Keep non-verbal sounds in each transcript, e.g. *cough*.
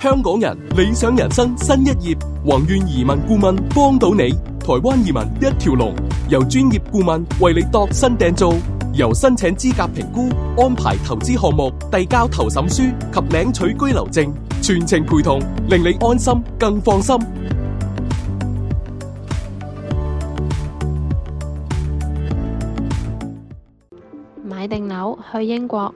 香港人理想人生新一頁，宏願移民顧問幫到你，台灣移民一條龍，由專業顧問為你度身訂造，由申請資格評估、安排投資項目、遞交投審書及領取居留證，全程陪同，令你安心更放心。買定樓去英國。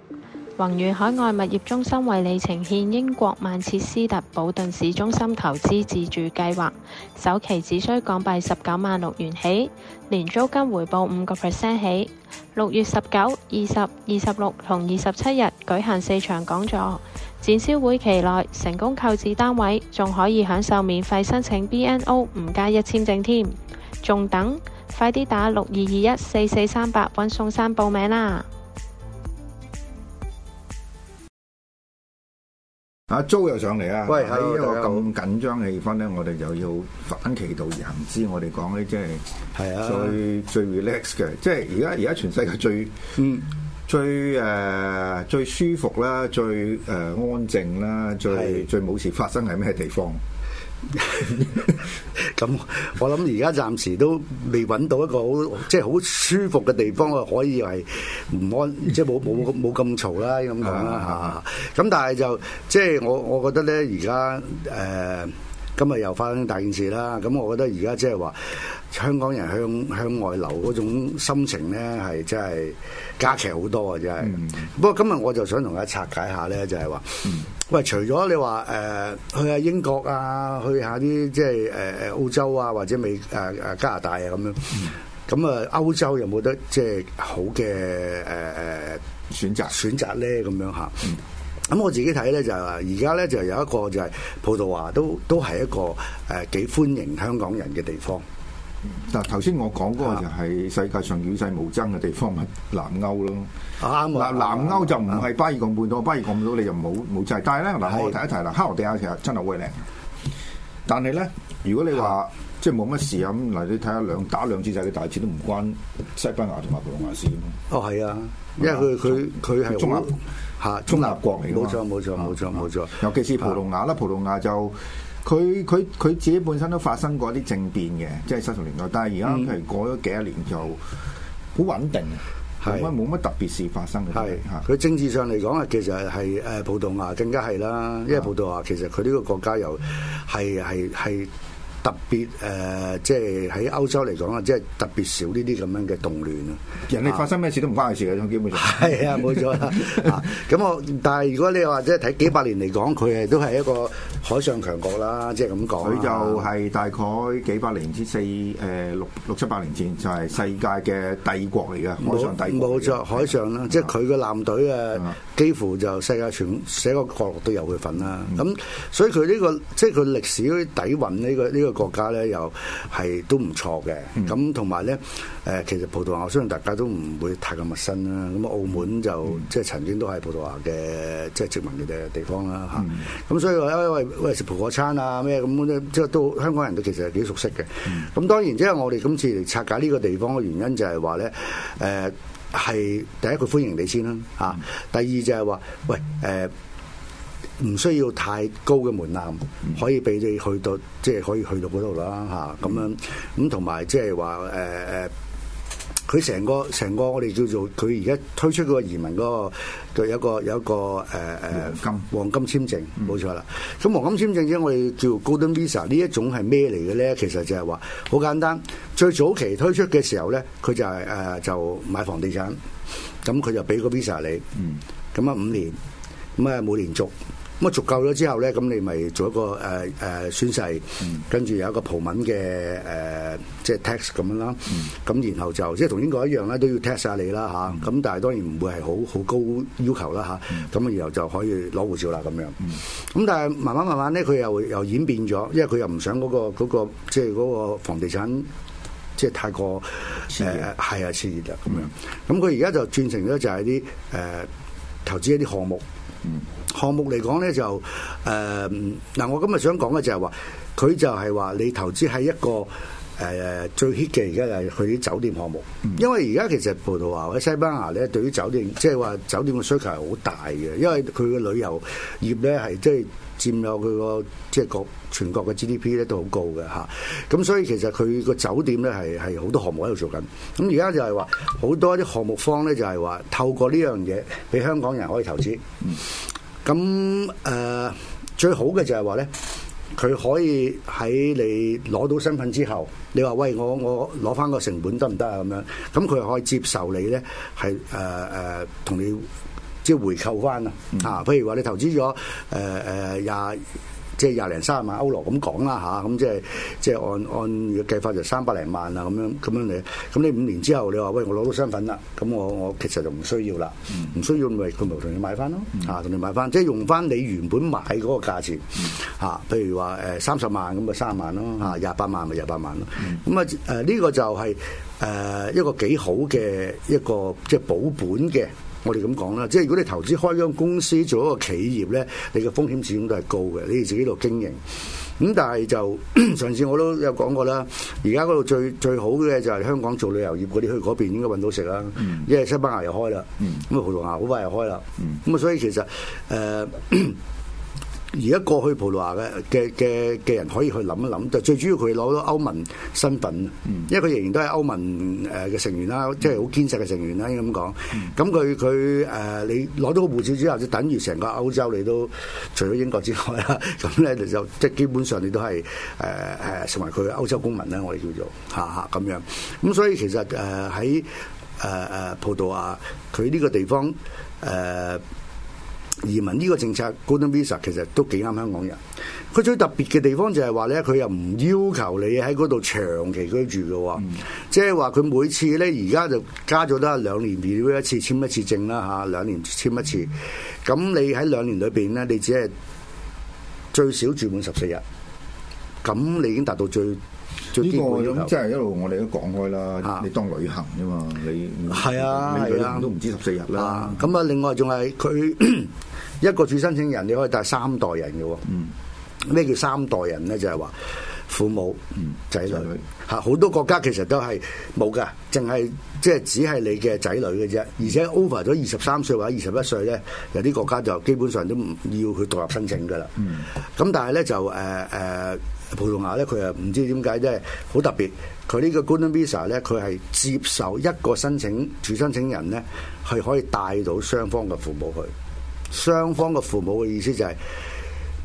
宏遠海外物業中心為你呈獻英國曼徹斯特保頓市中心投資自住計劃，首期只需港幣十九萬六元起，年租金回報五個 percent 起。六月十九、二十、二十六同二十七日舉行四場講座，展銷會期內成功購置單位，仲可以享受免費申請 BNO 五加一簽證添。仲等？快啲打六二二一四四三八搵宋生報名啦！啊 Joe 又上嚟啊！喺一個咁緊張嘅氣氛咧，我哋又要反其道而行之，我哋講咧即係最、啊、最 relax 嘅，即係而家而家全世界最、嗯、最誒、呃、最舒服啦，最誒、呃、安靜啦，最最冇事發生喺咩地方？咁 *laughs* 我諗而家暫時都未搵到一個好即係好舒服嘅地方啊，可以係唔安即係冇冇冇咁嘈啦咁樣啦吓。咁、 *laughs* 嗯嗯、但係就即係、就是、我我覺得咧，而家誒今日又發生大件事啦。咁我覺得而家即係話香港人向向外流嗰種心情咧，係真係加劇好多啊！真係、嗯。不過今日我就想同大家拆解一下咧，就係話。喂，除咗你話誒去下英國啊，去下啲即係誒誒澳洲啊，或者美誒誒、呃、加拿大啊咁樣，咁啊歐洲有冇得即係好嘅誒誒選擇選擇咧咁樣嚇？咁、嗯、我自己睇咧就係而家咧就有一個就係、是、葡萄牙都都係一個誒幾、呃、歡迎香港人嘅地方。但頭先我講嗰個就係世界上與世無爭嘅地方，係南歐咯。啱。南歐就唔係巴爾幹半島，巴爾幹半島你就冇冇掣。但係咧嗱，我提一提啦，克羅地亞其實真係會靚。但係咧，如果你話即係冇乜事啊，咁嗱，你睇下兩打兩次仔，嘅大戰都唔關西班牙同埋葡萄牙事哦，係啊是，因為佢佢佢係中立吓，中立國嚟。冇錯，冇錯，冇錯，冇錯、啊、啊。尤其是葡萄牙啦、啊啊，葡萄牙就。佢佢佢自己本身都發生過一啲政變嘅，即係七十年代。但係而家佢過咗幾十年就好穩定，冇乜冇乜特別事發生嘅。係佢、就係、政治上嚟講啊，其實係係誒葡萄牙更加係啦，因為葡萄牙其實佢呢個國家又係係係。特別誒、呃，即係喺歐洲嚟講啊，即係特別少呢啲咁樣嘅動亂家啊！人哋發生咩事都唔關佢事嘅，種基本上。係啊，冇錯啦。咁、 *laughs* 啊、我，但係如果你話即係睇幾百年嚟講，佢係都係一個海上強國啦，即係咁講。佢就係大概幾百年，之四、呃、年前、四誒六六七百年前就係、是、世界嘅帝國嚟嘅海上帝國冇錯，海上啦、啊，即係佢個艦隊啊，幾乎就世界全成個角落都有佢份啦。咁、嗯、所以佢呢、這個即係佢歷史底蘊呢個呢個。這個國家咧又係都唔錯嘅，咁同埋咧誒，其實葡萄牙我相信大家都唔會太咁陌生啦。咁澳門就、嗯、即係曾經都係葡萄牙嘅即係殖民嘅地方啦嚇。咁、嗯啊、所以話誒喂喂，食葡國餐啊咩咁嗰啲，即係都香港人都其實幾熟悉嘅。咁、嗯、當然即係我哋今次嚟拆解呢個地方嘅原因就係話咧誒係第一個歡迎你先啦嚇、啊，第二就係話喂誒。呃唔需要太高嘅門檻，可以俾你去到，即、就、係、是、可以去到嗰度啦嚇。咁樣咁同埋即係話誒誒，佢成、呃、個成個我哋叫做佢而家推出嗰個移民嗰個，就有一個有一個誒誒金黃金簽證，冇錯啦。咁、嗯、黃金簽證咧，我哋叫 Golden Visa 呢一種係咩嚟嘅咧？其實就係話好簡單。最早期推出嘅時候咧，佢就係、是呃、就買房地產，咁佢就俾個 Visa 你、嗯，咁啊五年。咁啊，冇連續咁啊，足夠咗之後咧，咁你咪做一個誒誒宣誓，跟、嗯、住有一個葡文嘅誒，即、呃、係、就是、text 咁樣啦。咁、嗯、然後就即係同英國一樣咧，都要 text 下你啦嚇。咁、啊、但係當然唔會係好好高要求啦嚇。咁、啊嗯、然後就可以攞護照啦咁樣。咁、嗯、但係慢慢慢慢咧，佢又又演變咗，因為佢又唔想嗰、那個即係嗰個房地產即係、就是、太過誒係、呃、啊，熾熱啦咁、嗯、樣。咁佢而家就轉成咗就係啲誒投資一啲項目。嗯，項目嚟講咧就誒嗱，呃，我今日想講嘅就係話，佢就係話你投資喺一個。誒最 hit 嘅而家就係佢啲酒店項目，因為而家其實葡萄牙或者西班牙咧，對於酒店即係話酒店嘅需求係好大嘅，因為佢嘅旅遊業咧係即係佔有佢個即係國全國嘅 GDP 咧都好高嘅吓。咁所以其實佢個酒店咧係係好多項目喺度做緊。咁而家就係話好多啲項目方咧就係話透過呢樣嘢俾香港人可以投資。咁誒、呃、最好嘅就係話咧。佢可以喺你攞到身份之後，你話喂我我攞翻個成本得唔得啊？咁樣，咁佢可以接受你咧，係誒誒同你即係回扣翻啊！嗯、啊，譬如話你投資咗誒誒廿，呃即係廿零三十萬歐羅咁講啦吓，咁、啊嗯、即係即係按按嘅計法就三百零萬啊咁樣咁樣你，咁你五年之後你話喂我攞到身份啦，咁我我其實就唔需要啦，唔需要咪佢咪同你買翻咯嚇，同、啊、你買翻，即係用翻你原本買嗰個價錢、啊、譬如話誒三十萬咁啊三十萬咯嚇，廿八萬咪廿八萬咯，咁啊誒呢、呢個就係、係、誒、呃、一個幾好嘅一個即係保本嘅。我哋咁講啦，即係如果你投資開張公司做一個企業咧，你嘅風險始終都係高嘅，你哋自己度經營。咁但係就上次我都有講過啦，而家嗰度最最好嘅就係香港做旅遊業嗰啲去嗰邊應該搵到食啦、嗯，因為西班牙又開啦，咁、嗯、葡萄牙好快又開啦，咁、嗯、啊所以其實誒。呃而家過去葡萄牙嘅嘅嘅嘅人可以去諗一諗，就最主要佢攞到歐盟身份，嗯、因為佢仍然都係歐盟誒嘅成員啦，即係好堅實嘅成員啦，應該咁講。咁佢佢誒你攞到個護照之後，就等於成個歐洲你都除咗英國之外啦，咁咧你就即係基本上你都係誒誒成為佢嘅歐洲公民啦，我哋叫做嚇嚇咁樣。咁所以其實誒喺誒誒葡萄牙佢呢個地方誒。呃移民呢個政策 Golden Visa 其實都幾啱香港人。佢最特別嘅地方就係話咧，佢又唔要求你喺嗰度長期居住嘅喎，即係話佢每次咧而家就加咗都係兩年 review 一次，簽一次證啦嚇、啊，兩年簽一次。咁、嗯、你喺兩年裏面咧，你只係最少住滿十四日，咁你已經達到最。呢、這個即係一路我哋都講開啦、啊，你當旅行啫嘛，你係啊，係啦，都唔止十四日啦。咁啊，啊另外仲係佢一個主申請人，你可以帶三代人嘅喎、哦。咩、嗯、叫三代人咧？就係、是、話父母、仔、嗯、女嚇，好多國家其實都係冇㗎，淨係即係只係、就是、你嘅仔女嘅啫。而且 over 咗二十三歲或者二十一歲咧，有啲國家就基本上都唔要佢獨立申請㗎啦。咁、嗯、但係咧就誒誒。呃呃葡萄牙咧，佢又唔知點解，即係好特別。佢呢個 Golden Visa 咧，佢係接受一個申請，主申請人咧，係可以帶到雙方嘅父母去。雙方嘅父母嘅意思就係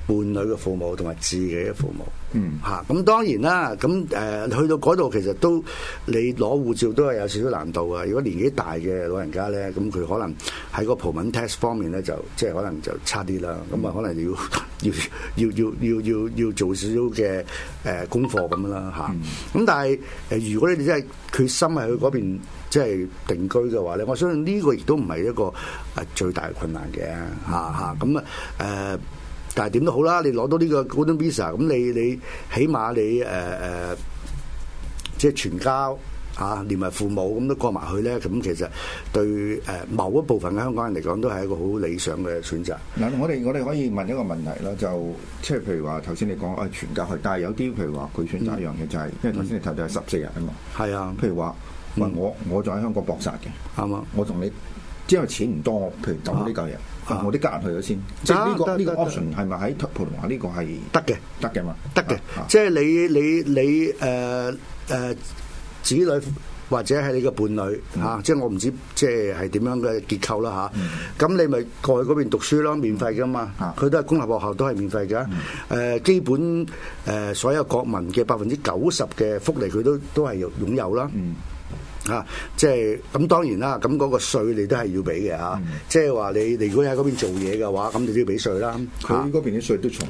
伴侶嘅父母同埋自己嘅父母。嗯，嚇、啊！咁當然啦，咁誒、呃、去到嗰度其實都你攞護照都係有少少難度啊。如果年紀大嘅老人家咧，咁、嗯、佢可能喺個葡文 test 方面咧，就即係可能就差啲啦。咁、嗯、啊、嗯，可能要要要要要要要做少少嘅誒功課咁樣啦，嚇、啊。咁、嗯、但係誒、呃，如果你哋真係決心係去嗰邊即係定居嘅話咧，我相信呢個亦都唔係一個誒最大嘅困難嘅，嚇、啊、嚇。咁啊誒。嗯嗯啊呃但係點都好啦，你攞到呢個高端 visa，咁你你起碼你誒誒、呃，即係全家嚇、啊，連埋父母咁都過埋去咧，咁其實對誒某一部分嘅香港人嚟講，都係一個好理想嘅選擇。嗱，我哋我哋可以問一個問題咯，就即係譬如話頭先你講誒全家去，但係有啲譬如話佢選擇一樣嘅就係、是，因為頭先你提就係十四日啊嘛。係、嗯、啊，譬如話話我、嗯、我就喺香港搏殺嘅，啱嘛？我同你。因為錢唔多，譬如咁呢嚿嘢，啊、我啲家人去咗先。即係、這、呢個呢、這個 option 係咪喺葡萄牙呢個係得嘅？得嘅嘛，得嘅。即、啊、係、就是、你你你誒誒子女或者係你嘅伴侶嚇，即、啊、係、嗯嗯、我唔知即係點樣嘅結構啦嚇。咁、啊、你咪過去嗰邊讀書咯，免費噶嘛。佢、嗯、都係公立學校，都係免費嘅。誒、嗯呃，基本誒、呃、所有國民嘅百分之九十嘅福利，佢都都係擁有啦。嗯嗯啊，即係咁當然啦，咁嗰個稅你都係要俾嘅嚇。即係話你你如果喺嗰邊做嘢嘅話，咁你都要俾稅啦。佢嗰邊啲稅都重。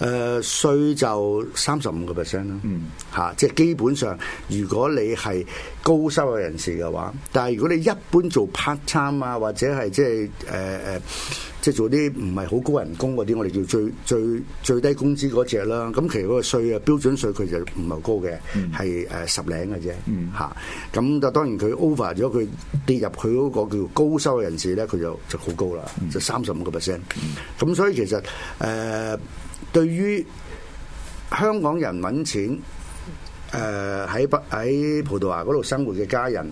誒、啊，稅就三十五個 percent 啦。嗯，啊、即係基本上如果你係高收入人士嘅話，但係如果你一般做 part time 啊，或者係即係誒誒，即係做啲唔係好高人工嗰啲，我哋叫最最最低工資嗰隻啦。咁其實嗰個稅啊，標準稅佢就唔係高嘅，係誒十零嘅啫。嗯，咁。呃當然佢 over 咗，佢跌入去嗰個叫高收嘅人士咧，佢就就好高啦，就三十五個 percent。咁所以其實誒、呃，對於香港人揾錢誒喺北喺葡萄牙嗰度生活嘅家人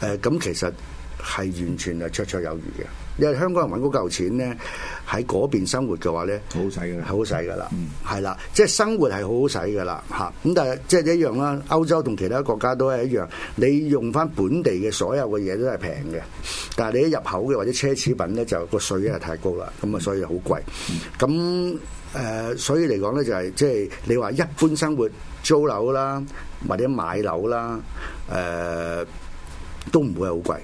誒，咁、呃、其實係完全係綽綽有餘嘅。因為香港人揾嗰嚿錢咧，喺嗰邊生活嘅話咧，好使嘅，好使嘅啦，係、嗯、啦，即係生活係好好使嘅啦，嚇。咁但係即係一樣啦，歐洲同其他國家都係一樣，你用翻本地嘅所有嘅嘢都係平嘅，但係你一入口嘅或者奢侈品咧，就個稅咧就太高啦，咁啊所以好貴。咁誒，所以嚟、嗯呃、講咧就係、是、即係你話一般生活租樓啦，或者買樓啦，誒、呃、都唔會係好貴。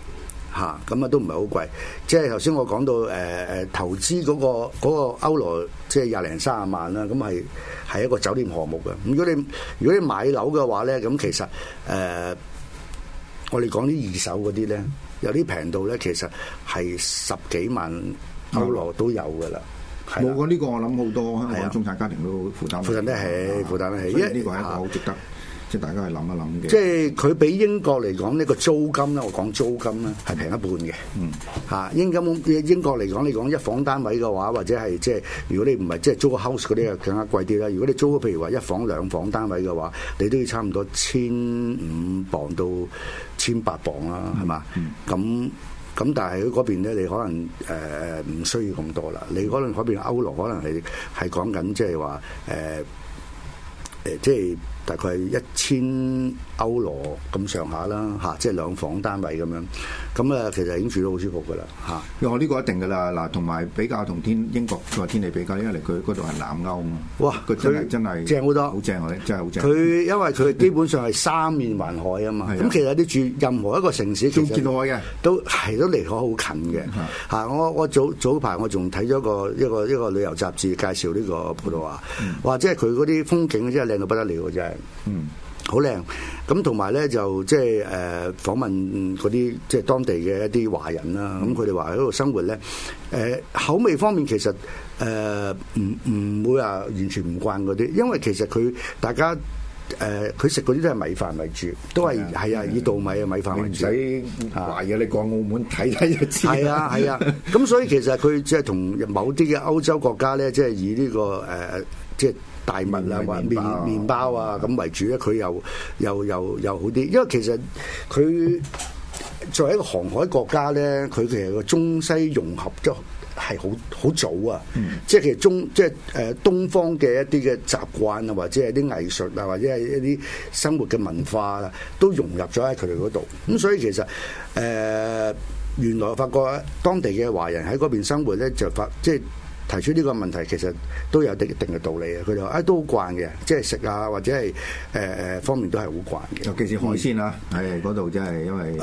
嚇、嗯，咁啊都唔係好貴，即係頭先我講到誒誒、呃、投資嗰個嗰個歐羅，即係廿零卅萬啦，咁係係一個酒店項目嘅。如果你如果你買樓嘅話咧，咁其實誒、呃，我哋講啲二手嗰啲咧，有啲平到咧，其實係十幾萬歐羅都有嘅啦。冇過呢個，我諗好多香港中產家庭都負擔負擔得起，負擔得起，所以呢、啊啊、個係一個好值得。啊。即係大家係諗一諗嘅。即係佢比英國嚟講呢個租金咧，我講租金咧係平一半嘅。嗯。嚇，英國英英國嚟講，你講一房單位嘅話，或者係即係如果你唔係即係租個 house 嗰啲啊更加貴啲啦。如果你租譬如話一房兩房單位嘅話，你都要差唔多千五磅到千八磅啦，係嘛？咁、嗯、咁、嗯，但係喺嗰邊咧，你可能誒唔、呃、需要咁多啦。你嗰嗰邊歐羅可能係係講緊即係話誒誒，即係。大概一千。歐羅咁上下啦，吓即係兩房單位咁樣，咁咧其實已經住得好舒服噶啦，吓我呢個一定噶啦，嗱同埋比較同天英國佢話天氣比較，因為佢嗰度係南歐嘛，哇，佢真係正好多，好正，真係好正。佢因為佢基本上係三面環海啊嘛，咁其實你住任何一個城市，海嘅都係都離海好近嘅。吓我我早早排我仲睇咗個一個一個，一個旅遊雜誌介紹呢個葡萄牙，嗯，哇，即係佢嗰啲風景真係靚到不得了，真、嗯、係。好靚，咁同埋咧就即係誒訪問嗰啲即係當地嘅一啲華人啦，咁佢哋話喺度生活咧，誒、呃、口味方面其實誒唔唔會話完全唔慣嗰啲，因為其實佢大家誒佢食嗰啲都係米飯為主，都係係啊，啊，啊以稻米啊米飯為主，唔使懷疑，你過澳門睇睇就知啦，係啊係啊，咁、啊啊、 *laughs* 所以其實佢即係同某啲嘅歐洲國家咧，即、就、係、是、以呢、這個誒即係。呃就是大物者啊，或麵麵包啊咁為主咧，佢又又又又好啲，因為其實佢作為一個航海國家咧，佢其實個中西融合都係好好早啊。嗯、即係其實中即係誒東方嘅一啲嘅習慣啊，或者係啲藝術啊，或者係一啲生活嘅文化啊，都融入咗喺佢哋嗰度。咁所以其實誒、呃、原來我發覺當地嘅華人喺嗰邊生活咧，就發即係。提出呢個問題其實都有一定定嘅道理嘅，佢就話都好慣嘅，即係食啊或者係誒誒方面都係好慣嘅，尤其是海鮮啦。係嗰度真係因為誒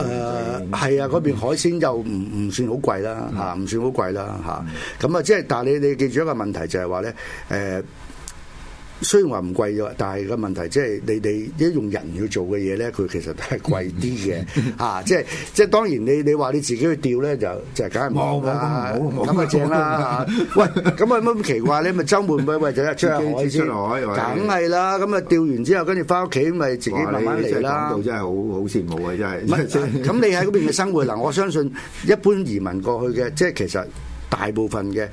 係啊，嗰邊海鮮又唔唔算好貴啦嚇，唔算好貴啦嚇，咁啊即係但係你你記住一個問題就係話咧誒。呃雖然話唔貴咗，但係個問題即係你你一用人去做嘅嘢咧，佢其實都係貴啲嘅嚇。即係即係當然，你你話你自己去釣咧，就就梗係唔好㗎。咁啊正啦。喂，咁啊乜咁奇怪咧？咪週末咪咪就係出下海先。出海梗係啦。咁啊釣完之後，跟住翻屋企咪自己慢慢嚟啦。講到真係好好羨慕啊！真係。唔係咁，你喺嗰邊嘅生活嗱，我相信一般移民過去嘅，即係其實大部分嘅。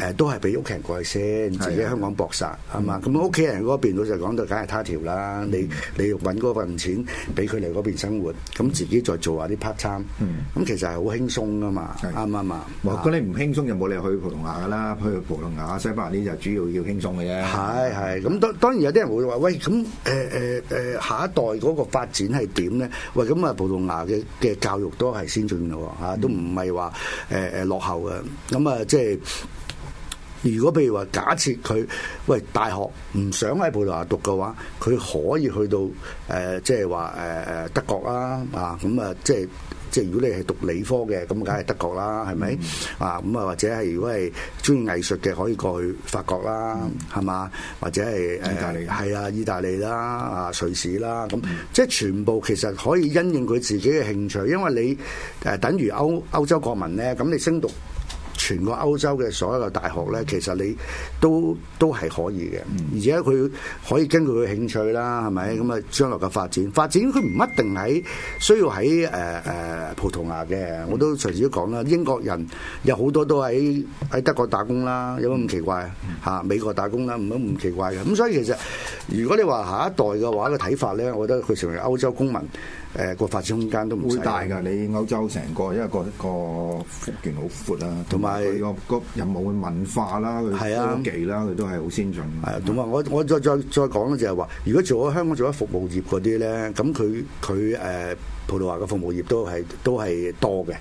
誒都係俾屋企人過去先，自己喺香港搏殺係嘛？咁屋企人嗰邊老實講就梗係他條啦。你你揾嗰份錢俾佢嚟嗰邊生活，咁自己再做下啲 part time，咁其實係好輕鬆噶嘛，啱唔啱？我講你唔輕鬆就冇理由去葡萄牙噶啦，去葡萄牙、西班牙呢就主要要輕鬆嘅啫。係係，咁當當然有啲人會話：喂，咁誒誒誒，下一代嗰個發展係點咧？喂，咁啊，葡萄牙嘅嘅教育都係先進嘅喎，啊，都唔係話誒誒落後嘅。咁啊，即係。如果譬如話，假設佢喂大學唔想喺葡萄牙讀嘅話，佢可以去到誒，即係話誒德國啦，啊咁啊，即係即係如果你係讀理科嘅，咁梗係德國啦，係、嗯、咪？啊咁啊，或者係如果係中意藝術嘅，可以過去法國啦，係、嗯、嘛？或者係意大利？係、uh, 啊，意大利啦，啊瑞士啦，咁、嗯嗯、即係全部其實可以因應佢自己嘅興趣，因為你、啊、等於歐，歐洲國民咧，咁你升讀。全個歐洲嘅所有嘅大學咧，其實你都都係可以嘅，而且佢可以根據佢興趣啦，係咪咁啊？將來嘅發展發展佢唔一定喺需要喺誒誒葡萄牙嘅，我都隨時都講啦。英國人有好多都喺喺德國打工啦，有冇咁奇怪啊？嚇、嗯、美國打工啦，唔好咁奇怪嘅。咁所以其實如果你話下一代嘅話嘅睇法咧，我覺得佢成為歐洲公民。誒、呃、那個發展空間都唔會大㗎。你歐洲成個，因為個個幅員好闊啦、啊，同埋個個有嘅文化啦，佢、啊、科技啦，佢都係好先進。係、啊，同埋我我再再再講咧，就係話，如果做喺香港做咗服務業嗰啲咧，咁佢佢誒。葡萄牙嘅服務業都係都係多嘅，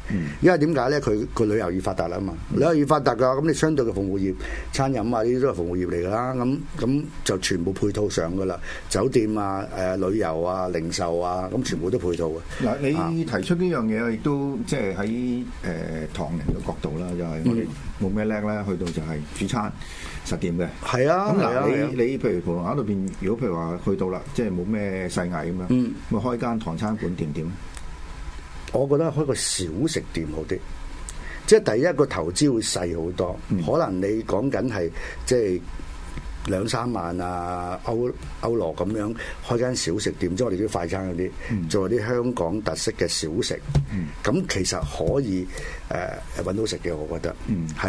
因為點解咧？佢佢旅遊業發達啊嘛，旅遊業發達嘅，咁你相對嘅服務業、餐飲啊，呢啲都係服務業嚟噶啦，咁咁就全部配套上噶啦，酒店啊、誒、呃、旅遊啊、零售啊，咁全部都配套嘅。嗱、嗯啊，你提出呢樣嘢，亦都即係喺誒唐人嘅角度啦，就係我哋冇咩叻咧，去到就係煮餐。實店嘅係啊，咁嗱，你、啊啊、你譬如葡萄牙裏邊，如果譬如話去到啦，即係冇咩世藝咁樣，咪、嗯、開間唐餐館掂唔掂？我覺得開個小食店好啲，即係第一個投資會細好多，可能你講緊係即係。兩三萬啊，歐歐羅咁樣開間小食店，即係我哋啲快餐嗰啲，做啲香港特色嘅小食。咁、嗯、其實可以誒揾、呃、到食嘅，我覺得。係、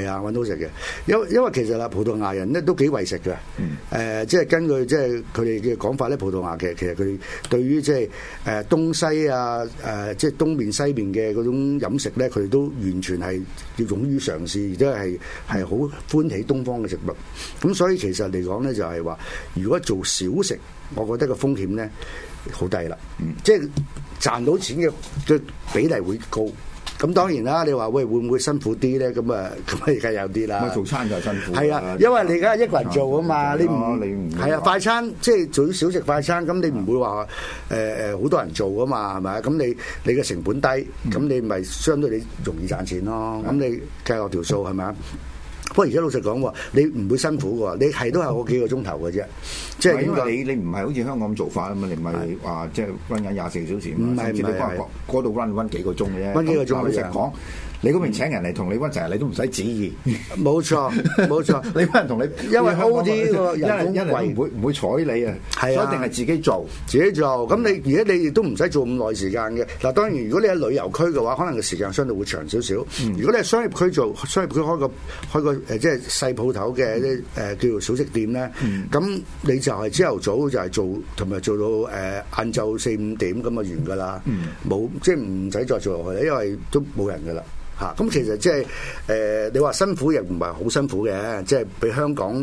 嗯、啊，揾到食嘅。因為因為其實啦，葡萄牙人咧都幾為食嘅。誒、嗯，即、呃、係、就是、根據即係佢哋嘅講法咧，葡萄牙嘅其實佢對於即係誒東西啊，誒即係東面西面嘅嗰種飲食咧，佢哋都完全係要勇於嘗試，而都係係好歡喜東方嘅食物。咁所以其實嚟講咧，就係、是、話，如果做小食，我覺得個風險咧好低啦。嗯，即係賺到錢嘅嘅比例會高。咁當然啦，你話喂會唔會辛苦啲咧？咁啊，咁而家有啲啦。做餐就辛苦。係啊，因為你而家一個人做啊嘛，啊你唔係啊，快餐即係做啲小食快餐，咁你唔會話誒誒好多人做啊嘛，係咪啊？咁你你嘅成本低，咁你咪相對你容易賺錢咯。咁、嗯、你計落條數係咪啊？嗯不過而家老實講喎，你唔會辛苦喎，你係都係好幾個鐘頭嘅啫，即係點解？你你唔係好似香港咁做法啊嘛，你唔係話即係 run 緊廿四小時，不是不是，甚至你跨過到 run run 幾個鐘嘅啫。嗱，實講嗯、你成講你嗰邊請人嚟同你 run 成日，你都唔使旨意。冇錯冇錯， *laughs* 你揾人同你，因你人，因為好啲呢個人工貴唔會唔會睬你啊，所以一定係自己做自己做。咁你而家你亦都唔使做咁耐時間嘅。嗱，當然如果你喺旅遊區嘅話，可能個時間相對會長少少。嗯、如果你係商業區做，商業區開個開個。開個誒即係細鋪頭嘅啲，誒叫做小食店咧，咁你就係朝頭早就係做，同埋做到誒晏晝四五點咁啊完噶啦，冇即係唔使再做落去啦，因為都冇人噶啦嚇。咁其實即係誒你話辛苦又唔係好辛苦嘅，即係比香港，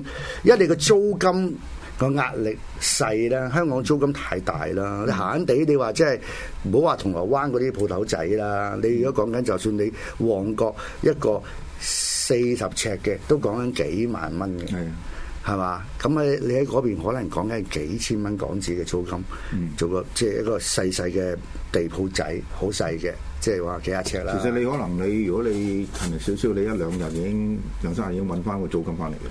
因為你個租金個壓力細啦，香港租金太大啦。你閒閒地你話即係唔好話銅鑼灣嗰啲鋪頭仔啦，你如果講緊就算你旺角一個。四十尺嘅都講緊幾萬蚊嘅，係嘛，啊？咁啊，你喺嗰邊可能講緊幾千蚊港紙嘅租金，嗯、做個即係一個細細嘅地鋪仔，好細嘅。即係話幾架車啦，其實你可能你如果你勤力少少，你一兩日已經兩三日已經搵翻個租金翻嚟嘅。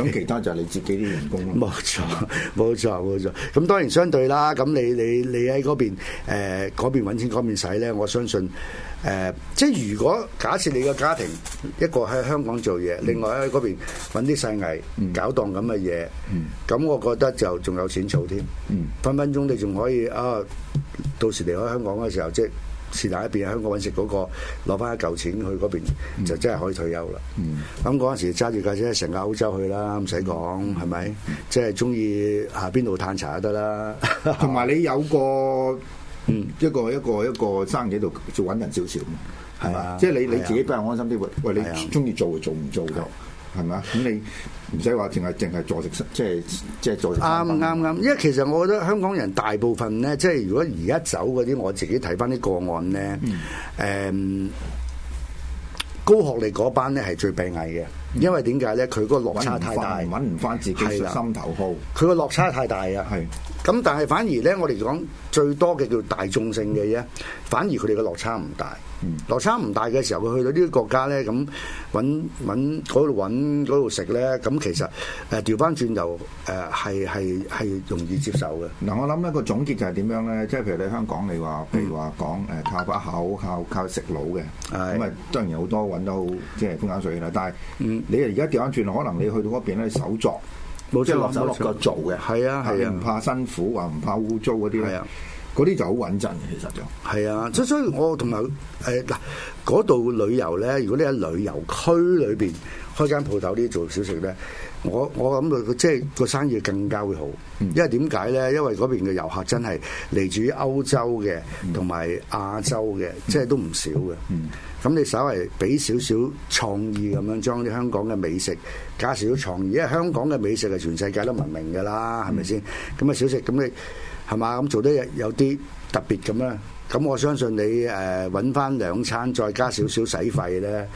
咁其他就係你自己啲人工啦。 *laughs* 冇錯，冇錯，冇錯。咁當然相對啦。咁你你你喺嗰邊誒嗰邊搵錢嗰邊使咧，我相信誒、呃、即係如果假設你個家庭一個喺香港做嘢，另外喺嗰邊搵啲世藝搞檔咁嘅嘢，咁、嗯嗯、我覺得就仲有錢儲添。嗯、分分鐘你仲可以啊，到時離開香港嘅時候即。是但一邊喺香港搵食嗰個攞翻一嚿錢去嗰邊就真係可以退休啦。咁嗰陣時揸住架車成個歐洲去啦，唔使講，係咪？即係中意下邊度探查得啦。同埋你有個嗯一個一個一個生意度做搵人少少，係嘛？即係你你自己比較安心啲。喂喂，你中意做就做唔做就係咪啊？咁你。 *laughs* 唔使話，淨係淨係坐食生，即係即係做、嗯。啱啱啱，因為其實我覺得香港人大部分咧，即係如果而家走嗰啲，我自己睇翻啲個案咧，誒、嗯嗯、高學歷嗰班咧係最閉翳嘅，因為點解咧？佢嗰個落差太大，揾唔翻自己，係心頭好。佢個落差太大啊，係。咁但係反而咧，我哋講最多嘅叫大眾性嘅嘢，反而佢哋嘅落差唔大。嗯、落差唔大嘅時候，佢去到呢啲國家咧，咁揾揾嗰度揾度食咧，咁其實誒調翻轉就誒係係係容易接受嘅。嗱、嗯，我諗一個總結就係點樣咧？即、就、係、是、譬如你香港你，你話譬如話講誒靠把口、靠靠食腦嘅，咁、嗯、啊當然好多揾到即係風乾水啦。但係你而家調翻轉，可能你去到嗰邊咧手作，即係落手落腳做嘅，係啊，係啊，唔怕辛苦，話唔怕污糟嗰啲咧。嗰啲就好穩陣，其實就係啊、嗯，所以我同埋誒嗱，嗰、欸、度旅遊咧，如果你喺旅遊區裏邊開間鋪頭啲做小食咧，我我諗到佢即係個生意更加會好，因為點解咧？因為嗰邊嘅遊客真係嚟自於歐洲嘅同埋亞洲嘅，即係都唔少嘅。咁、嗯、你稍為俾少少創意咁樣，將啲香港嘅美食加少創意，因為香港嘅美食係全世界都聞名㗎啦，係咪先？咁啊、嗰個、小食咁你。係嘛咁做得有啲特別咁啦，咁我相信你誒揾翻兩餐，再加少少使費咧，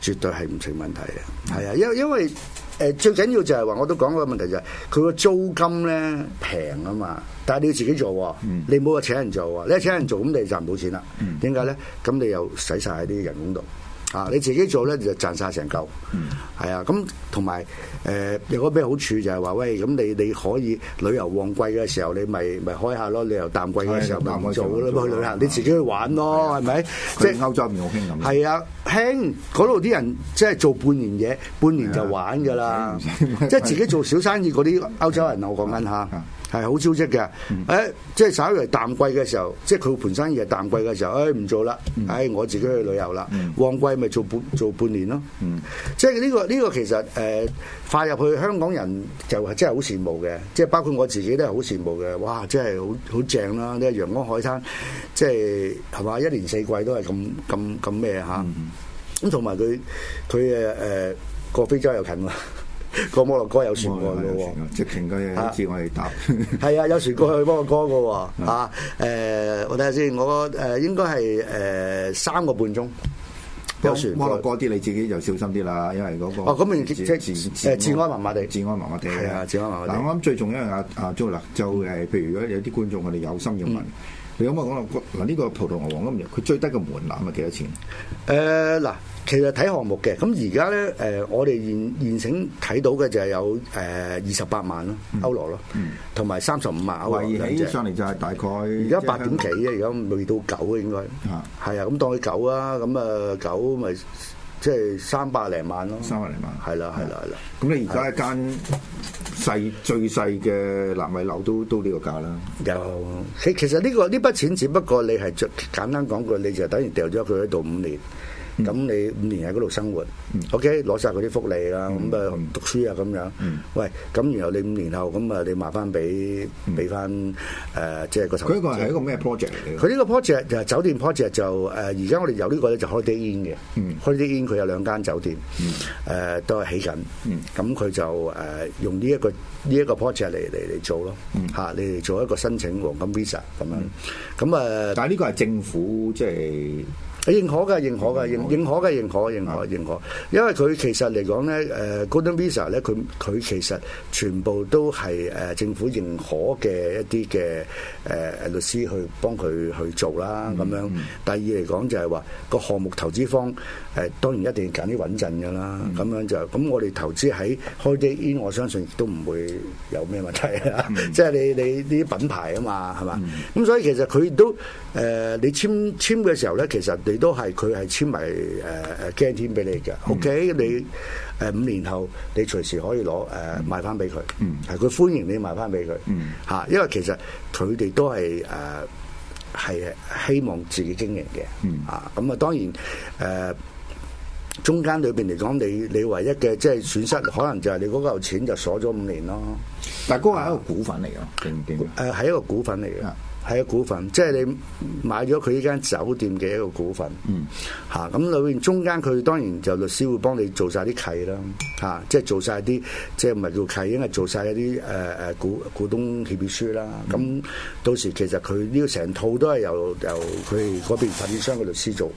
絕對係唔成問題嘅。係啊，因因為誒、呃、最緊要就係話我都講過個問題就係佢個租金咧平啊嘛，但係你要自己做、哦嗯，你冇話請人做啊，你請人做咁你就賺唔到錢啦。點解咧？咁你又使晒喺啲人工度。啊！你自己做咧就賺晒成嚿，係、嗯、啊！咁同埋誒有、呃那個咩好處就係話喂，咁你你可以旅遊旺季嘅時候你咪咪開下咯，旅遊淡季嘅時候咪唔做咯，做去旅行、啊、你自己去玩咯，係、啊、咪？即係歐洲唔好興咁？係啊，興嗰度啲人即係做半年嘢，半年就玩噶啦，即係、啊就是、自己做小生意嗰啲歐洲人、啊、我講緊下。係好超值嘅，誒，即係稍微淡季嘅時候，即係佢盤生意淡季嘅時候，誒唔做啦，誒我自己去旅遊啦，旺季咪做半做半年咯，即係呢個呢個其實誒快入去香港人就係真係好羨慕嘅，即係包括我自己都係好羨慕嘅，哇，真係好好正啦！啲陽光海灘，即係係嘛，一年四季都係咁咁咁咩吓，咁同埋佢佢嘅誒過非洲又近啊！ *laughs* 個摩洛哥有船過嘅喎，哦，直情嘅，知我哋搭。係啊， *laughs* 啊，有船過去摩洛哥嘅喎，誒、啊啊呃，我睇下先，我誒、呃、應該係誒三個半鐘。有船，摩洛哥，啲你自己就小心啲啦，因為嗰、那個咁樣即係誒治安麻麻地，治安麻麻地係啊，治安麻麻地。嗱，我諗最重要啊啊，阿 Joe、嗯、啦，就誒、是，譬如有啲觀眾我哋有心要問，嗯、你咁啊，我話嗱，呢個葡萄牙王咁嘅，佢最低嘅門檻係幾多錢？誒、呃，嗱。其實睇項目嘅咁而家咧，誒、呃，我哋現現成睇到嘅就係有誒二十八萬咯、啊，歐羅咯，同埋三十五萬歐元嘅啫。上嚟就係、是就是、大概而家八點幾、就是、啊，而家未到九啊，應該係啊，咁當佢九啊，咁啊九咪即係三百零萬咯，三百零萬係啦，係啦、啊，係啦、啊。咁你而家一間細、啊、最細嘅納米樓都都呢個價啦、啊，有佢其實呢、這個呢筆錢只不過你係最簡單講句，你就等於掉咗佢喺度五年。咁你五年喺嗰度生活，O K，攞晒嗰啲福利啊，咁、嗯、啊讀書啊咁樣、嗯。喂，咁然後你五年後，咁啊你麻煩俾俾翻誒，即係個。佢呢個係一個咩 project 嚟嘅？佢呢個 project 就係酒店 project 就誒，而、呃、家我哋有呢個咧就 Holiday Inn 嘅，開、嗯、Inn 佢有兩間酒店，誒、嗯呃、都係起緊。咁、嗯、佢就誒、呃、用呢、這、一個呢一、這個、project 嚟嚟嚟做咯嚇，你、嗯、哋、啊、做一個申請黃金 visa 咁樣。咁、嗯、啊、呃，但係呢個係政府即係。就是你認可嘅，認可嘅，認認可嘅，認可，認可，認可。因為佢其實嚟講咧，誒、呃、Golden Visa 咧，佢佢其實全部都係誒、呃、政府認可嘅一啲嘅誒律師去幫佢去做啦。咁樣第二嚟講就係話個項目投資方誒、呃、當然一定要揀啲穩陣嘅啦。咁、嗯、樣就咁我哋投資喺 Holiday Inn 我相信亦都唔會有咩問題啊。即、嗯、係 *laughs* 你你啲品牌啊嘛，係嘛？咁、嗯、所以其實佢都誒、呃、你簽簽嘅時候咧，其實。你。都係佢係簽埋誒誒驚錢俾你嘅、嗯、，OK？你誒五、呃、年後你隨時可以攞誒賣翻俾佢，係、呃、佢、嗯、歡迎你賣翻俾佢嚇。因為其實佢哋都係誒係希望自己經營嘅、嗯，啊咁啊當然誒、呃、中間裏邊嚟講，你你唯一嘅即係損失，可能就係你嗰嚿錢就鎖咗五年咯。但係嗰個係一個股份嚟嘅，點點誒係一個股份嚟嘅。啊係一股份，即係你買咗佢呢間酒店嘅一個股份，嚇、嗯、咁、啊、裏面中間佢當然就律師會幫你做晒啲契啦，嚇、啊、即係做晒啲即係唔係叫契，應該做晒一啲誒誒股股東協議書啦。咁、嗯、到時其實佢呢個成套都係由由佢哋嗰邊發展商嘅律師做，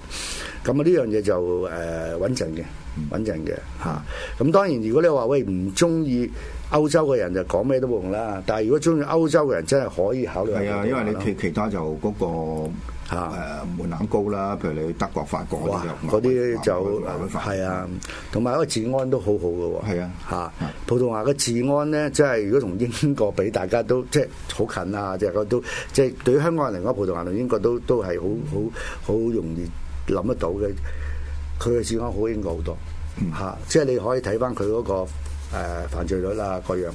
咁啊呢樣嘢就誒穩陣嘅，穩陣嘅嚇。咁、啊、當然如果你話喂唔中意。歐洲嘅人就講咩都冇用啦，但係如果中意歐洲嘅人真係可以考慮。係啊，因為你其其他就嗰個嚇誒門檻高啦，譬如你去德國、法國嗰啲就嗰係啊，同埋嗰個治安都好好嘅喎。啊，嚇葡萄牙嘅治安咧，即係如果同英國比，大家都即係好近啊，即係都即係對於香港人嚟講，葡萄牙同英國都都係好好好容易諗得到嘅。佢嘅治安好英國好多嚇，啊嗯，即係你可以睇翻佢嗰個。誒、啊、犯罪率啦、啊，各樣誒呢、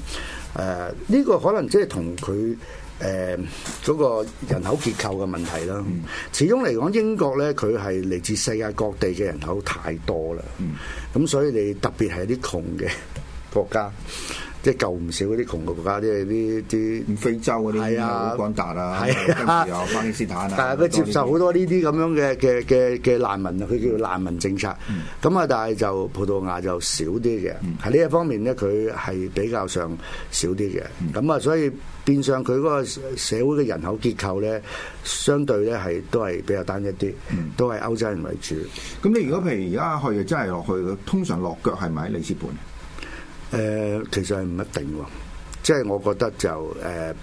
啊這個可能即係同佢誒嗰個人口結構嘅問題啦。始終嚟講，英國咧佢係嚟自世界各地嘅人口太多啦，咁所以你特別係啲窮嘅國家。即係救唔少嗰啲窮嘅國家，即啲啲啲非洲嗰啲啊，烏干達啊，跟有、啊、巴基斯坦啊。但係佢接受好多呢啲咁樣嘅嘅嘅嘅難民啊，佢、嗯、叫難民政策。咁、嗯、啊，但係就葡萄牙就少啲嘅。喺呢一方面咧，佢係比較上少啲嘅。咁、嗯、啊，所以變相佢嗰個社會嘅人口結構咧，相對咧係都係比較單一啲、嗯，都係歐洲人為主。咁、嗯、你如果譬如而家去，真係落去，通常落腳係咪喺里斯本？誒、呃，其實係唔一定㗎，即係我覺得就誒，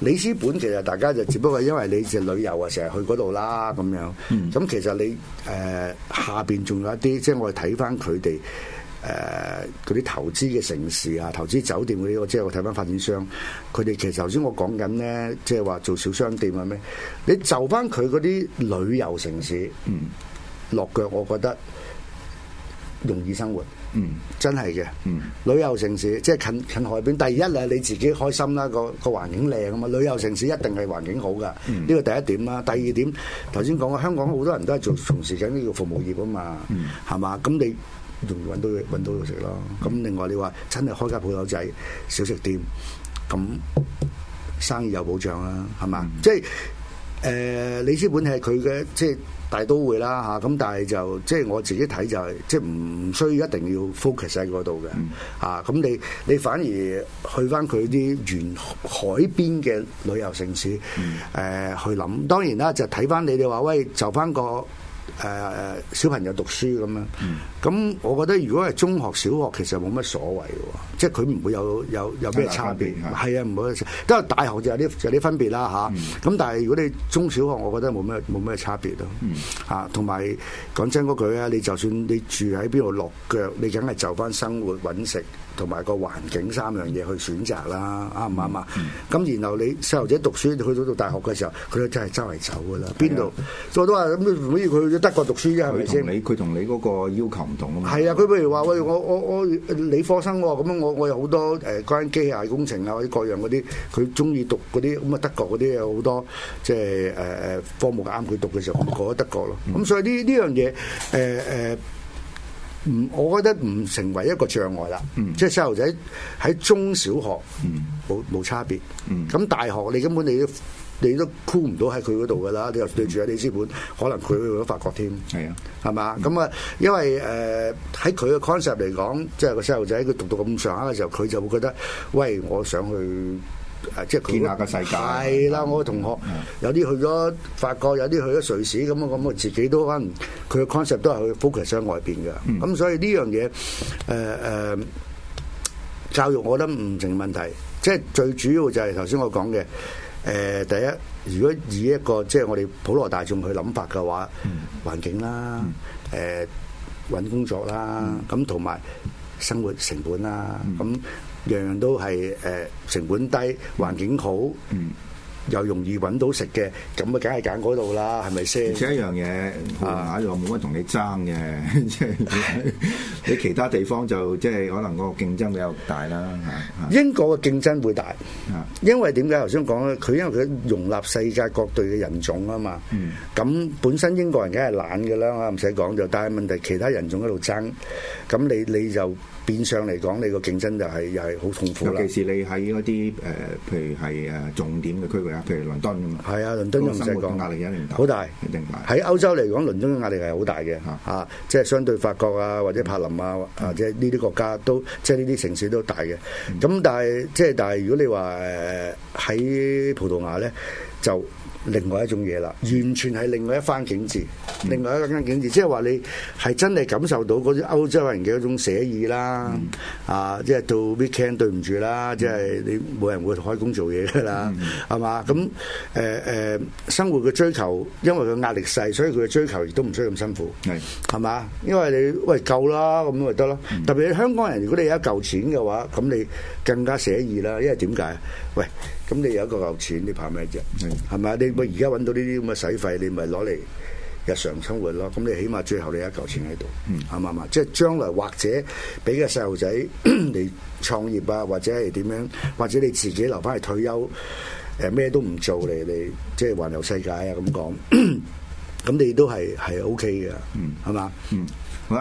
里、呃、斯本其實大家就只不過因為你食旅遊啊，成日去嗰度啦咁樣，咁、嗯、其實你誒、呃、下邊仲有一啲，即係我睇翻佢哋誒嗰啲投資嘅城市啊，投資酒店嗰啲，即係我睇翻發展商，佢哋其實頭先我講緊咧，即係話做小商店嘅咩，你就翻佢嗰啲旅遊城市，落腳我覺得容易生活。嗯，真係嘅。嗯，旅遊城市即係近近海邊。第一，你自己開心啦，個個環境靚啊嘛。旅遊城市一定係環境好噶，呢、嗯、個第一點啦。第二點，頭先講過，香港好多人都係做從事緊呢個服務業啊嘛，係、嗯、嘛？咁你仲搵到搵到食咯。咁、嗯、另外你話真係開間鋪頭仔小食店，咁生意有保障啦，係嘛、嗯？即係誒、呃，里斯本係佢嘅即係。但係都會啦嚇，咁但係就即係我自己睇就係即係唔需要一定要 focus 喺嗰度嘅嚇，咁、嗯啊、你你反而去翻佢啲沿海邊嘅旅遊城市誒、嗯呃、去諗，當然啦就睇翻你哋話喂就翻個。誒、呃，小朋友讀書咁樣，咁我覺得如果係中學、小學，其實冇乜所謂喎，即係佢唔會有有有咩差別。係啊，唔好意思，不過大學就有啲有啲分別啦吓。咁、啊嗯、但係如果你中小學，我覺得冇咩冇咩差別咯。吓、嗯啊，同埋講真嗰句啊，你就算你住喺邊度落腳，你梗係就返生活搵食。同埋個環境三樣嘢去選擇啦，啱唔啱啊？咁、嗯、然後你細路仔讀書去到到大學嘅時候，佢都真係周圍走噶啦，邊度？所、啊、我都話咁，如果佢去咗德國讀書啫，係咪先？佢同你佢同你嗰個要求唔同啊嘛。係啊，佢不如話、嗯、喂，我我我理科生喎、哦，咁樣我我有好多誒關、呃、機械工程啊，或者各樣嗰啲，佢中意讀嗰啲咁啊德國嗰啲有好多即係誒誒科目啱佢讀嘅時候，過咗德國咯。咁、嗯嗯、所以呢呢樣嘢誒誒。呃呃唔，我覺得唔成為一個障礙啦、嗯。即係細路仔喺中小學冇冇、嗯、差別。咁、嗯、大學你根本你都你都箍唔到喺佢嗰度㗎啦。你又對住喺里斯本，嗯、可能佢去咗法國添。係、嗯、啊，係嘛？咁啊，因為誒喺佢嘅 concept 嚟講，即係個細路仔佢讀到咁上下嘅時候，佢就會覺得喂，我想去。誒，即係見下個世界係啦！我同學、嗯、有啲去咗法國，有啲去咗瑞士，咁樣咁啊，我自己都可能佢嘅 concept 都係去 focus 喺外邊嘅。咁、嗯、所以呢樣嘢誒誒，教育我覺得唔成問題。即係最主要就係頭先我講嘅誒、呃，第一如果以一個即係、嗯就是、我哋普羅大眾去諗法嘅話，環境啦，誒、嗯、搵、呃、工作啦，咁同埋生活成本啦，咁、嗯。樣樣都係誒成本低，環境好，又容易搵到食嘅，咁啊梗係揀嗰度啦，係咪先？而且一樣嘢，喺度冇乜同你爭嘅，即係你其他地方就即係可能嗰個競爭比較大啦吓。英國嘅競爭會大，因為點解頭先講咧？佢因為佢容納世界各地嘅人種啊嘛，咁本身英國人梗係懶嘅啦，我唔使講就。但係問題其他人種喺度爭，咁你你就。變相嚟講，你個競爭就係又係好痛苦啦。尤其是你喺嗰啲誒，譬如係誒重點嘅區域啊，譬如在倫敦咁啊。係啊，倫敦就唔使講，壓力好大，一定大。喺歐洲嚟講，倫敦嘅壓力係好大嘅嚇。啊，即、啊、係、即係、相對法國啊，或者柏林啊，嗯、或者呢啲國家都即係呢啲城市都大嘅。咁、嗯、但係即係但係，如果你話喺葡萄牙咧，就。另外一種嘢啦，完全係另，另外一番景緻，另外一番景緻，即係話你係真係感受到嗰啲歐洲人嘅一種寫意啦、嗯，啊，即係到 weekend 對唔住啦，即、嗯、係、就是、你冇人會開工做嘢噶啦，係、嗯、嘛？咁誒誒，生活嘅追求，因為佢壓力細，所以佢嘅追求亦都唔需要咁辛苦，係，係嘛？因為你喂夠啦，咁咪得咯。特別你香港人，如果你有一嚿錢嘅話，咁你更加寫意啦。因為點解？喂？咁你有一個舊錢，你怕咩啫？係咪啊？你咪而家揾到呢啲咁嘅使費，你咪攞嚟日常生活咯。咁你起碼最後你有一舊錢喺度，係嘛嘛？即係、就是、將來或者俾個細路仔你創業啊，或者係點樣，或者你自己留翻嚟退休，誒、呃、咩都唔做你嚟，即係、就是、環遊世界啊咁講。咁 *coughs* 你都係係 OK 嘅，係嘛？嗯。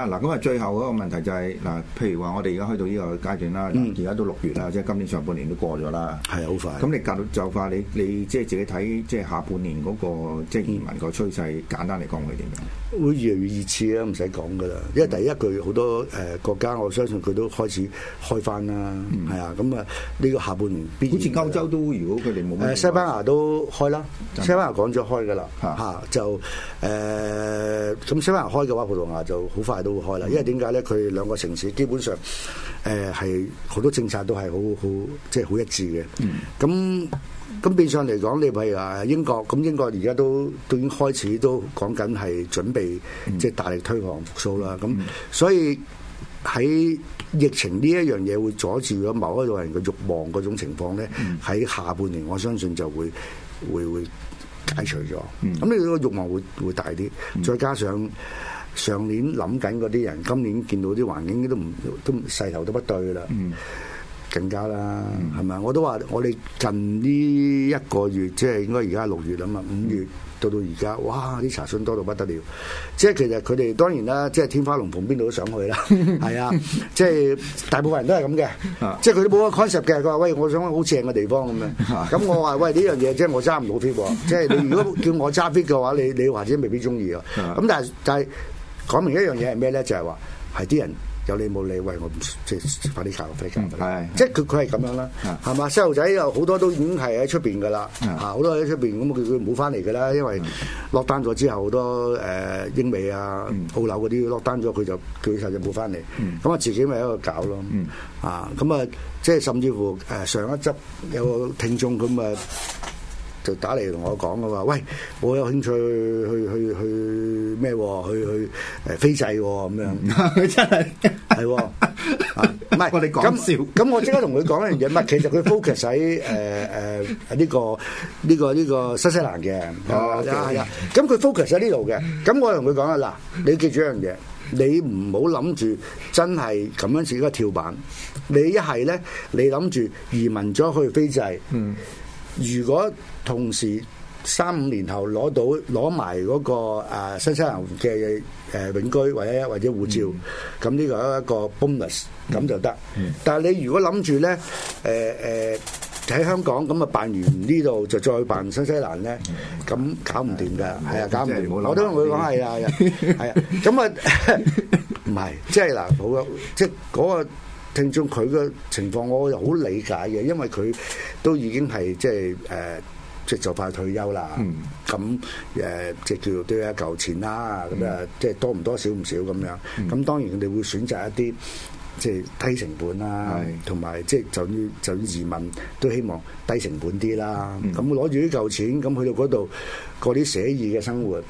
嗱，咁啊最後嗰個問題就係、是、嗱，譬如話我哋而家開到呢個階段啦，而、嗯、家都六月啦，即係今年上半年都過咗啦。係好快。咁你隔到就快，你你即係自己睇，即係下半年嗰、那個即係移民個趨勢，嗯、簡單嚟講會點樣？會越嚟越熱刺啦，唔使講噶啦。因為第一句，句好多誒、呃、國家，我相信佢都開始開返啦。係、嗯、啊，咁啊，呢個下半年。好似歐洲都，如果佢哋冇咩。西班牙都開啦，西班牙講咗開噶啦嚇，就誒咁、呃、西班牙開嘅話，葡萄牙就好快，都開啦，因為點解咧？佢兩個城市基本上，誒係好多政策都係好好，即係好一致嘅。咁咁變相嚟講，你譬如話英國，咁英國而家都都已經開始都講緊係準備，即係大力推行復甦啦。咁所以喺疫情呢一樣嘢會阻住咗某一種人嘅慾望嗰種情況咧，喺下半年我相信就會會會解除咗。咁呢個慾望會會大啲，再加上。上年諗緊嗰啲人，今年見到啲環境都唔都勢頭都不對啦，更加啦，係、嗯、咪？我都話我哋近呢一個月，即係應該而家六月啦嘛，五月到到而家，哇！啲查詢多到不得了，即係其實佢哋當然啦，即係天花龍鳳邊度都想去啦，係 *laughs* 啊，即、就、係、是、大部分人都係咁嘅，即係佢都冇個 concept 嘅，佢話喂，我想去好正嘅地方咁樣咁、啊啊、我話喂呢 *laughs* 樣嘢，即、就、係、是、我揸唔到 fit，即係你如果叫我揸 fit 嘅話，你你，你或者未必中意啊，咁、嗯、但但係。講明一樣嘢係咩咧？就係話係啲人有理冇理，餵我即係快啲搞，快啲搞。係，即係佢佢係咁樣啦，係嘛？細路仔又好多都已經係喺出面噶啦，好 *laughs* 多喺出面，咁佢佢冇翻嚟噶啦，因為落單咗之後，好多、呃、英美啊、澳紐嗰啲落單咗，佢就佢就冇翻嚟。咁啊，自己咪喺度搞咯，啊咁啊，即係甚至乎上一集有一個聽眾咁啊。就打嚟同我講啊！話喂，我有興趣去去去去咩？去去誒飛制咁樣，佢真係係喎，唔係我哋講笑。咁我即刻同佢講一樣嘢，唔係，其實佢 focus 喺誒誒呢個呢個呢個新西蘭嘅。哦，係啊，咁佢 focus 喺呢度嘅。咁我同佢講啊，嗱，你記住一樣嘢，你唔好諗住真係咁樣自己個跳板。你一係咧，你諗住移民咗去飛制，如果同時三五年後攞到攞埋嗰個誒新西蘭嘅誒永居或者或者護照，咁呢個一個 bonus 咁就得。但係你如果諗住咧誒誒喺香港咁啊辦完呢度就再辦新西蘭咧，咁搞唔掂㗎，係啊，搞唔掂。我都會講係啊，係啊，咁啊唔係，即係嗱，好啊，即係嗰個聽眾佢嘅情況，我又好理解嘅，因為佢都已經係即係誒。即就快退休啦，咁誒即叫做一嚿錢啦，咁啊即多唔多少唔少咁樣。咁、嗯、當然佢哋會選擇一啲即、就是、低成本啦，同埋即就於就移民都希望低成本啲啦。咁攞住啲嚿錢咁去到嗰度過啲寫意嘅生活，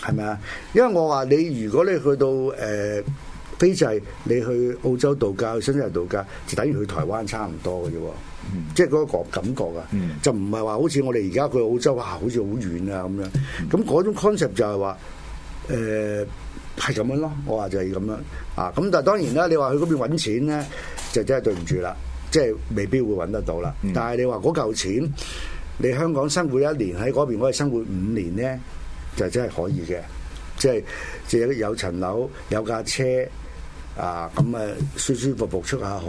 係咪啊？因為我話你如果你去到誒飛制，你去澳洲度假、去新西蘭度假，就等於去台灣差唔多嘅啫。即係嗰個感覺啊，就唔係話好似我哋而家去澳洲啊，好似好遠啊咁樣。咁嗰種 concept 就係話，誒係咁樣咯。我話就係咁樣啊。咁但係當然啦，你話去嗰邊揾錢咧，就真係對唔住啦，即係未必會揾得到啦。但係你話嗰嚿錢，你香港生活一年喺嗰邊，可以生活五年咧，就真係可以嘅。即係即係有層樓、有架車啊，咁啊舒舒服服出下海。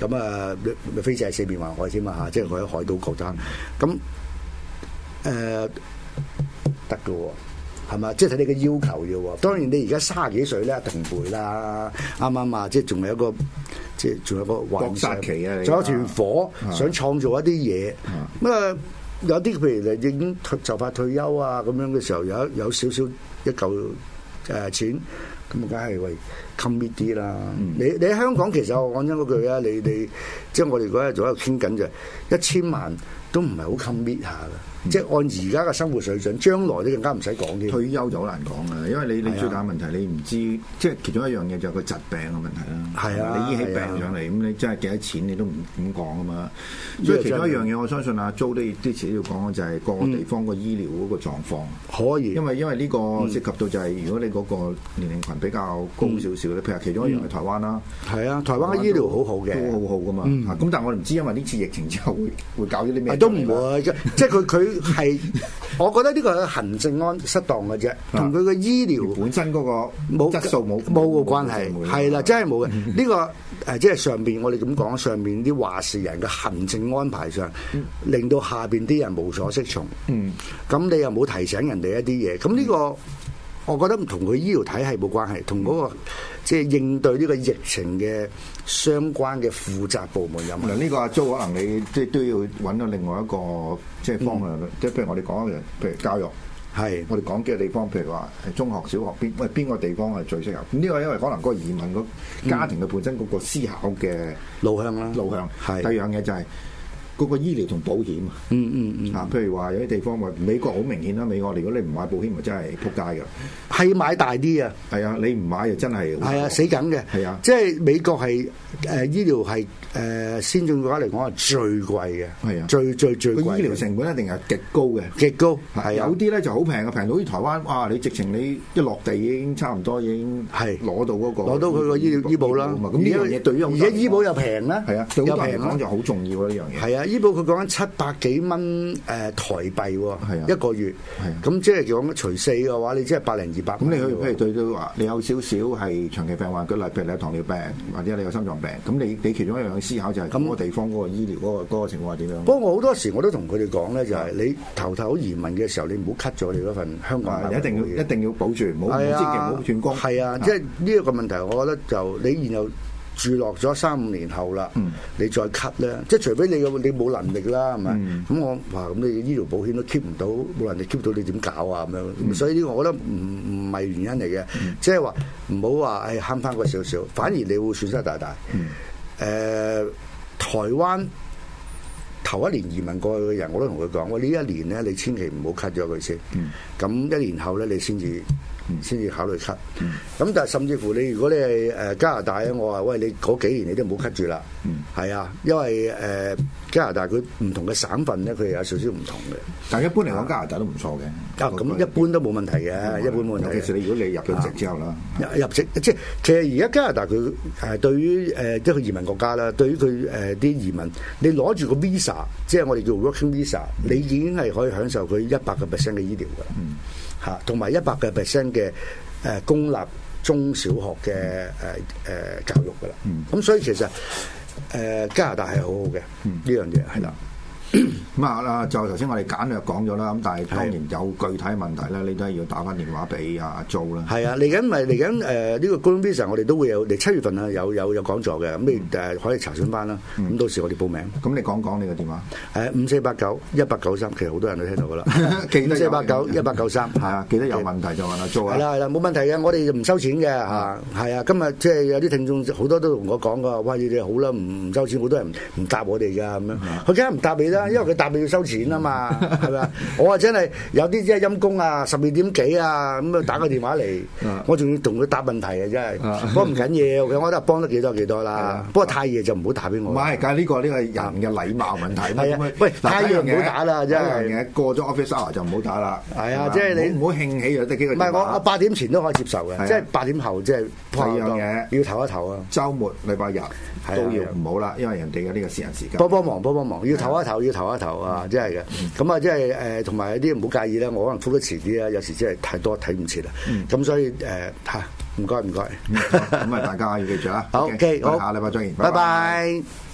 咁啊，飛仔係四面環海先嘛嚇，即係佢喺海島國產，咁誒得嘅喎，係、呃、咪、哦？即係睇你嘅要求咋喎。當然你而家卅幾歲咧，定攰啦，啱唔啱啊？即係仲有一個，即係仲有一個國殺期啊你在！你，仲有一團火，想創造一啲嘢，咁啊有啲譬如你已經就快退休啊咁樣嘅時候有，有有少少一嚿誒錢。咁啊梗係喂 commit 啲啦。你你喺香港，其實我講真嗰句啊：你你即係我哋嗰日仲喺度傾緊，就一千萬都唔係好 commit 下㗎。即係按而家嘅生活水準，將來你更加唔使講啲退休就好難講啊！因為你、啊、你最大問，問題，你唔知即係其中一樣嘢就係個疾病嘅問題啦。係啊，你醫起病上嚟，咁、啊、你真係幾多錢你都唔唔講啊嘛。所以其中一樣嘢，的我相信阿 Jo 都遲啲要講就係、是、個地方個醫療嗰個狀況。可以，因為、嗯、因為呢個涉及到就係、是、如果你嗰個年齡群比較高少少咧，譬、嗯、如其中一樣係台灣啦。係、嗯嗯、啊，台灣嘅醫療好好嘅，都好好噶嘛。咁、嗯啊、但係我唔知，因為呢次疫情之後會、嗯、會搞咗啲咩？都唔會， *laughs* 即係佢佢。係， *laughs* 我覺得呢個行政安失當嘅啫，同佢嘅醫療本身嗰個冇質素冇冇個關係，係啦，真係冇嘅。呢、 *laughs* 呢個誒，即係上邊我哋咁講，上邊啲話事人嘅行政安排上，令到下邊啲人無所適從。嗯，咁你又冇提醒人哋一啲嘢，咁呢、呢個。嗯我覺得唔同佢醫療體系冇關係，同嗰、那個即係、就是、應對呢個疫情嘅相關嘅負責部門有冇、嗯這個？呢個阿 Joe 可能你即係都要揾到另外一個即係、就是、方向，即、嗯、係譬如我哋講一樣，譬如教育，係我哋講幾個地方，譬如話係中學、小學邊，喂邊個地方係最適合？呢個因為可能個移民、那個家庭嘅本身嗰、嗯、個思考嘅路向啦，路向係、啊、第二樣嘢就係、是。嗰個醫療同保險啊，嗯嗯嗯，啊，譬如話有啲地方話美國好明顯啦，美國嚟，如果你唔買保險，咪真係撲街㗎。係要買大啲啊。係啊，你唔買又真係。係啊，死緊嘅。係啊。即係美國係誒醫療係誒先進嘅話嚟講係最貴嘅。係啊。最最最。個醫療成本一定係極高嘅。極高。係啊。有啲咧就好平嘅，平到好似台灣哇！你直情你一落地已經差唔多已經攞到嗰個攞到佢個醫療醫保啦。唔係，咁呢樣嘢對於我而家醫保又平啦，係啊，又平啦。講就好重要啊呢樣嘢。係啊。醫保佢講緊七百幾蚊誒台幣喎，係啊，一個月，係咁、啊啊、即係講除四嘅話，你即係百零二百。咁你去譬如對到話，你有少少係長期病患，舉例譬如你有糖尿病或者你有心臟病，咁你你其中一樣嘅思考，就係咁個地方嗰個醫療嗰個、嗯嗰個情況係點樣？不過我好多時候我都同佢哋講咧，就係你頭頭移民嘅時候，你唔好 cut 咗你嗰份香港、啊，你一定要一定要保住，唔好唔積極，唔好轉工。係啊，即係呢一個問題，我覺得就你然後。住落咗三五年後啦、嗯，你再 cut 咧，即係除非你你冇能力啦，係、嗯、咪？咁我話咁你醫療保險都 keep 唔到，冇能力 keep 到，你點搞啊？咁、嗯、樣，所以呢個我覺得唔唔係原因嚟嘅，即係話唔好話誒慳翻個少少，反而你會損失大大。誒、嗯呃，台灣頭一年移民過去嘅人，我都同佢講我呢一年咧，你千祈唔好 cut 咗佢先。咁、嗯、一年後咧，你先至。先至考慮 cut，咁、嗯、但係甚至乎你如果你係誒加拿大咧，我話喂你嗰幾年你都唔好 cut 住啦，係、嗯、啊，因為誒、呃、加拿大佢唔同嘅省份咧，佢有少少唔同嘅。但係一般嚟講，加拿大都唔錯嘅。咁、啊啊、一般都冇問題嘅、啊嗯，一般冇問題、啊。尤其是你如果你入咗籍之後啦、啊，入籍、啊、即係其實而家加拿大佢誒對於誒、呃、即係移民國家啦，對於佢誒啲移民，你攞住個 visa，即係我哋叫 working visa，、嗯、你已經係可以享受佢一百個 percent 嘅醫療㗎啦。嗯嚇，同埋一百個 percent 嘅誒公立中小學嘅誒誒教育噶啦，咁所以其實誒加拿大係好好嘅嗯呢樣嘢，係啦。咁啊啦，就頭先我哋簡略講咗啦。咁但係當然有具體問題咧，你都係要打翻電話俾阿 Joe 啦。係啊，嚟緊咪嚟緊誒呢個 Golden Visa，我哋都會有嚟七月份啊，有有有講座嘅咁，你誒可以查詢翻啦。咁到時我哋報名。咁你講講你個電話？誒五四八九一八九三，其實好多人都聽到噶啦。記得四八九一八九三，係啊，記得有問題就問阿 Joe 啊。係啦係啦，冇問題嘅，我哋唔收錢嘅嚇。係啊，今日即係有啲聽眾好多都同我講噶，哇！你哋好啦，唔唔收錢，好多人唔答我哋噶咁樣，佢梗係唔答你咧？因為佢答你要收錢啊嘛，係咪 *laughs* 啊？我啊真係有啲即係陰公啊，十二點幾啊咁啊打個電話嚟， *laughs* 我仲要同佢答問題啊，真係。 *laughs* 不過唔緊要，我覺得幫得幾多幾多啦，啊。不過太夜就唔好打俾我。唔係，但係、這、呢個呢、呢個人嘅禮貌問題。係 *laughs* 啊，喂，太夜唔好打啦，真係，過咗 office hour 就唔好打啦。係啊，即係、就是、你唔好興起又得幾個？唔係我我八點前都可以接受嘅，即係八點後即係。係一樣嘢要唞一唞啊。週末、禮拜日都要唔好啦，因為人哋嘅呢個時間時間。幫幫忙，幫幫忙，要唞一唞。投一投啊，即係嘅。咁、嗯、啊，即係誒，同、呃、埋有啲唔好介意啦，我可能覆得遲啲啦，有時真係太多睇唔切啦。咁、嗯、所以誒吓，唔該唔該，咁啊，嗯、大家要記住啦。好，O K，好，下禮拜再見，拜拜。Bye bye。